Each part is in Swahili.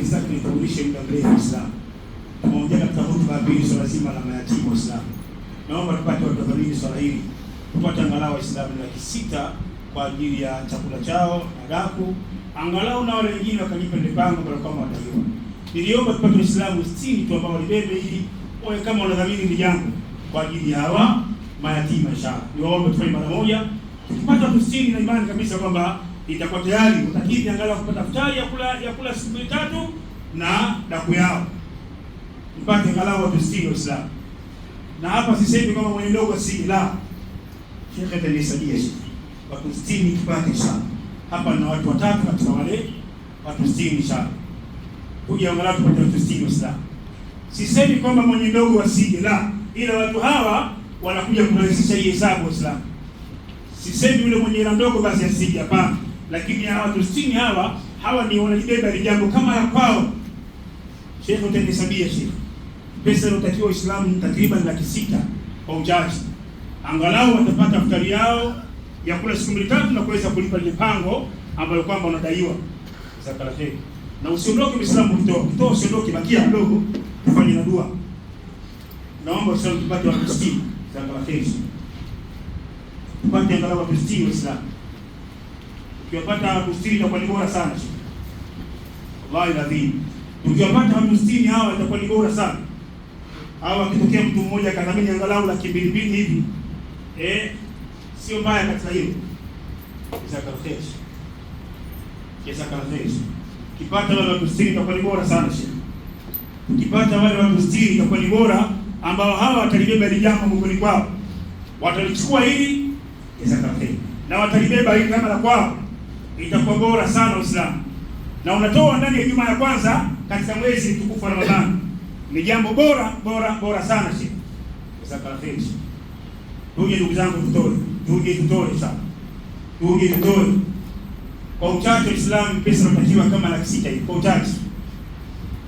lakini sasa tulifundishe muda mrefu Uislamu. Tumeongea katika hotuba ya pili swala zima la mayatima Uislamu. Naomba tupate watadhamini swala hili, tupate angalau Waislamu laki sita kwa ajili ya chakula chao na daku, angalau na wale wengine wakalipa ile pango kwa kama wataiwa. Niliomba tupate Waislamu 60 tu ambao walibebe hili wawe kama wanadhamini ni jambo kwa ajili ya hawa mayatima inshallah. Niwaombe tufanye mara moja, tupate watu 60 na imani kabisa kwamba itakuwa tayari utakidhi angalau kupata futari ya kula ya kula siku tatu na daku yao mpate angalau watu sitini Waislamu. Na hapa sisemi kama mwenye ndogo sitini, la shekhe atanisaidia shekhe, watu sitini tupate sana hapa, na watu watatu katika wale watu sitini sana kuja angalau tupate watu sitini Waislamu. Sisemi kwamba mwenye ndogo wasije, la, ila watu hawa wanakuja kurahisisha hii hesabu Waislamu. Sisemi yule mwenye ila ndogo basi asije, hapana lakini hawa Kristini hawa hawa ni wanajibeba ni jambo kama la kwao. Sheikh, utanihesabia sheikh, pesa inayotakiwa Waislamu takriban laki sita kwa ujaji, angalau watapata futari yao ya kula siku mbili tatu na kuweza kulipa ile pango ambayo kwamba unadaiwa. Jazakallah kheri. Na usiondoke Muislamu kutoa kutoa, usiondoke, bakia kidogo tufanye na dua. Naomba Waislamu tupate Wakristi. Jazakallah kheri, tupate angalau wa Wakristi Waislamu tukiwapata watu sitini itakuwa ni bora sana, wallahi ladhim. Tukiwapata watu sitini hawa itakuwa ni bora sana. Hawa akitokea mtu mmoja kanamini angalau laki mbili mbili hivi, eh, sio mbaya katika hilo. Ukipata wale watu sitini itakuwa ni bora sana shekhi. Ukipata wale watu sitini itakuwa ni bora, ambao hawa watalibeba hili jambo mgongoni kwao, watalichukua hili na watalibeba hili kama la kwao itakuwa bora sana Uislamu, na unatoa ndani ya juma ya kwanza katika mwezi mtukufu wa Ramadhani. Ni jambo bora bora bora sana shekhi, Sasa kheri. Tuje ndugu zangu, tutoe, tuje tutoe sana, tuje tutoe kwa uchache. Uislamu pesa unatakiwa kama laki sita kwa uchache,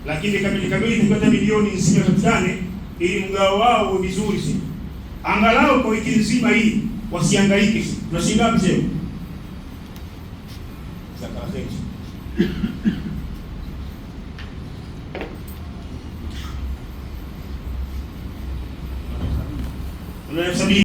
lakini kamili kamili tukipata milioni nzima tukutane, ili mgao wao uwe vizuri, si angalau kwa wiki nzima hii wasihangaike. Tunashinda mzee daquela tá gente. Eu não sabia.